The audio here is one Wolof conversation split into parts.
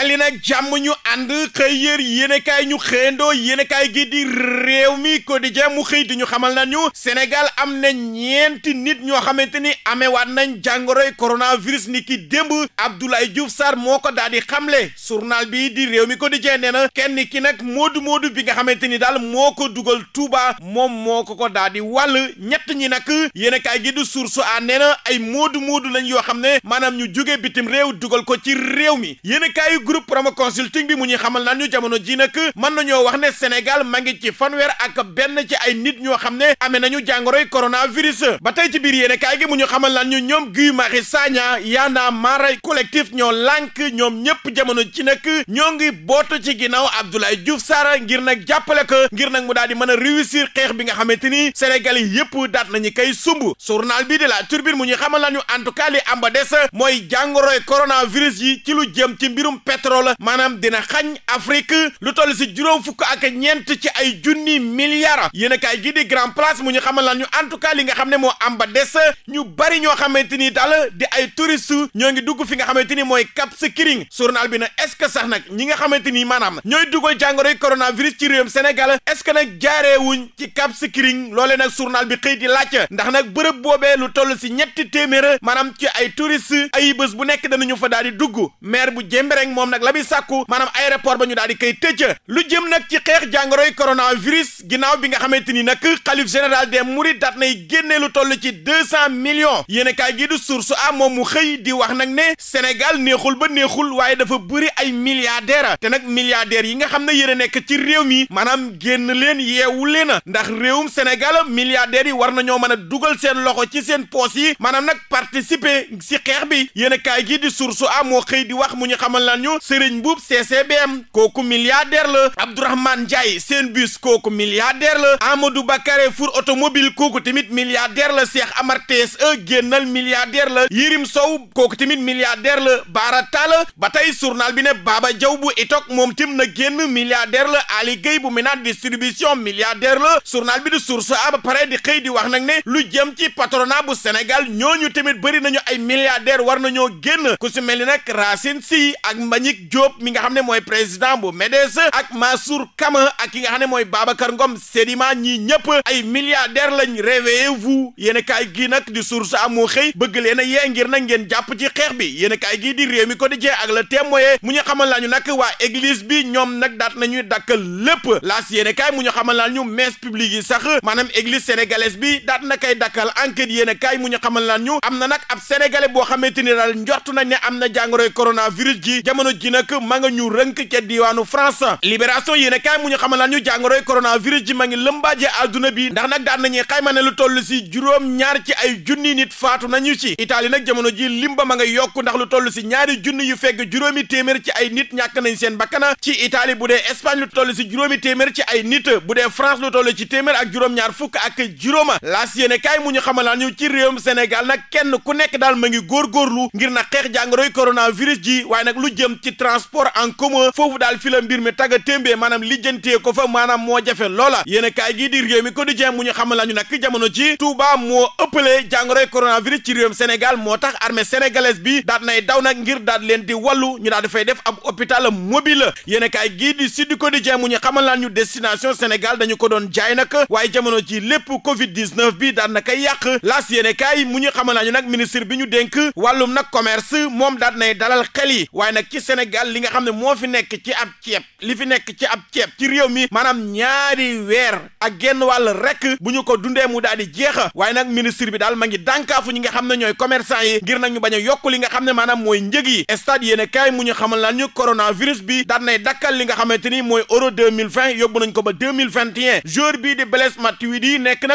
tali nag jàmm ñu ànd xëy yër yéenekaay ñu xëyandoo yéenekaay gi di réew mi quotidien mu xëy di ñu xamal nañu Sénégal am na ñeenti nit ñoo xamante ni amewaat nañ jàngoroy coronavirus ni ki démb Abdoulaye Diouf Sarr moo ko daal di xamle journal bi di réew mi quotidien nee na kenn ki nag moodu moodu bi nga xamante ni daal moo ko dugal Touba moom moo ko ko daal di wàll ñett ñi nag yéenekaay gi du Source A nee na ay moodu moodu lañ yoo xam ne maanaam ñu jóge bitim réew dugal ko ci réew mi groupe promo consulting bi mu ñuy xamal naan ñu jamono ji nag mën nañoo wax ne Sénégal ma ngi ci fanweer ak benn ci ay nit ñoo xam ne amee nañu jàngoroy coronavirus ba tey ci biir yéene kaay gi mu ñu xamal naan ñu ñoom Guy Marius Sagna Y'en a marre collectif ñoo lànk ñoom ñëpp jamono ci nag ñoo ngi booto ci ginnaaw Abdoulaye Diouf Sarr ngir nag jàppale ko ngir nag mu daal di mën a réussir xeex bi nga xamante ni Sénégal yi yëpp daat nañu koy sumb journal bi de mu ñu xamal naan ñu en tout cas li am ba des mooy ci lu pétrole maanaam dina xañ Afrique lu toll si juróom fukk ak ñeent ci ay junni milliards yéen a gi di grand place mu ñu xamal lan ñu en tout cas li nga xam ne moo am des ñu bari ñoo xamante ni daal di ay touristes ñoo ngi dugg fi nga xamante ni mooy Cap Skirring journal bi na est-ce que sax nag ñi nga xamante ni maanaam ñooy dugal jàngoroy coronavirus ci réewum Sénégal est-ce que nag jaareewuñ ci Cap Skirring loole nag journal bi xëy di laaj ndax nag bërëb boobee lu toll si ñetti téeméer maanaam ci ay touristes ay bés bu nekk danañu fa daal di dugg maire bu Jembereng moom nag la muy sàkku maanaam aéroport ba ñu daal di koy tëj lu jëm nag ci xeex jàngoroy coronavirus ginnaaw bi nga xamante ni nag xalif général mu mourides daat nay génne lu toll ci deux cent millions yéen kaay gii du mu xëy di wax nag ne Sénégal neexul ba neexul waaye dafa bëri ay milliardaires te nag milliardaires yi nga xam ne yéen nekk ci réew mi maanaam génn leen yeewu leen ndax réewum Sénégal milliardaires yi war nañoo mën a dugal seen loxo ci seen poos yi maanaam nag participer si xeex bi yéen a kaay gii moo xëy di wax mu ñu xamal lan Serigne Mbuub CCBM kooku milliardaire la Abdourahmane seen Senbus kooku milliardaire la Amadou Bakare Four automobile kooku tamit milliardaire la Cheikh Amar TSE génnal milliardaire la Yirim Sow kooku tamit milliardaire la Bara Talla ba tey journal bi ne Baba Diaw bu Itok moom tim na génn milliardaire la Ali Gueye bu Ménage distribution milliardaire la journal bi di source a pare di xëy di wax nag ne lu jëm ci patronat bu Sénégal ñooñu tamit bëri nañu ay milliardaire war nañoo génn ku si mel ak Mbagnick Diop mi nga xam ne mooy président bu MEDES ak Mansour Kama ak ki nga xam ne mooy Babacar Ngom Sedima ñii ñëpp ay milliardaires lañ réveillez-vous yéen a kaay gii nag di source amoo xëy bëgg leen a yee ngir nag ngeen jàpp ci xeex bi yéen a kaay gii di réew mi ko di jee ak la témoye mu ñu xamal laa ñu nag waa église bi ñoom nag daat nañuy dakkal lépp laas yéen a kaay mu ñu xamal laa ñu messe publique yi sax maanaam église sénégalaise bi daat na kay dakkal enquête yéen kaay mu ñu xamal laa ñu am na nag ab sénégalais boo xamante ni daal njortu nañ ne am na jàngoroy coronavirus ji jamono jamono ji nag ma nga ñu rënk ca diwaanu France libération yéen a kaay mu ñu xamal ñu jàngoroy coronavirus ji ma ngi lëmbaaje àdduna bi ndax nag daan nañuy xayma ne lu toll si juróom ñaar ci ay junni nit faatu nañu ci Italie nag jamono ji limba ma yokk ndax lu toll si ñaari junni yu fegg juróomi téeméer ci ay nit ñàkk nañ seen bakkana ci Italie bu dee Espagne lu toll si juróomi téeméer ci ay nit bu dee France lu toll ci téeméer ak juróom-ñaar fukk ak juróoma laas yéen a kaay mu ñu xamal ñu ci réewum Sénégal nag kenn ku nekk daal ma ngi góorgóorlu ngir na xeex jàngoroy coronavirus ji ci transport en commun foofu daal fi la mbir mi tagga témbee maanaam lijjantee ko fa maanaam moo jafe loola yéen kaay gii di réew mi quotidien mu ñu xamal la ñu nag jamono ci Touba moo ëppale jàngoroy coronavirus ci réewum Sénégal moo tax armée sénégalaise bi daat nay daw nag ngir daat leen di wàllu ñu daal di fay def ab hôpital mobile yéen kaay gii di Sud Quotidien mu ñu xamal la ñu destination Sénégal dañu ko doon jaay nag waaye jamono ci lépp Covid 19 bi daat na koy yàq laas yéen kaay mu ñu xamal la ñu nag ministre bi ñu dénk wàllum nag commerce moom daat nay dalal xel yi waaye nag ci Sénégal li nga xam ne moo fi nekk ci ab ceeb li fi nekk ci ab ceeb ci réew mi maanaam ñaari weer ak genn wàll rek bu ñu ko dundee mu daal jeex jeexa waaye nag ministre bi daal ma ngi dànkaafu ñi nga xam ne ñooy commerçant yi ngir nag ñu bañ a yokk li nga xam ne maanaam mooy njëg yi stade yéen kaay mu ñu xamal lan ñu coronavirus bi daan nay dakkal li nga xamante ni mooy euro 2020 yóbbu nañ ko ba 2021 joueur bii di Blaise Matuidi nekk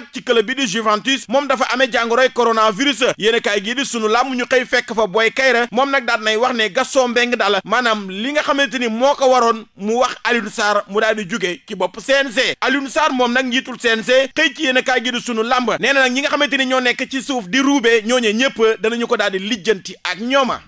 di Juventus moom dafa amee jàngoroy coronavirus yéen kaay gii di sunu làmm ñu xëy fekk fa Boy Kayra moom nag daan nay wax ne Gaston Mbengue daal maanaam li nga xamante ni moo ko waroon mu wax Alioune Sarr mu daal di jóge ci bopp CNG Alioune Sarr moom nag njiitul CNG xëy ci yéen a kaay gi sunu làmb nee na nag ñi nga xamante ni ñoo nekk ci suuf di ruubee ñooñee ñëpp danañu ko daal di lijjanti ak ñooma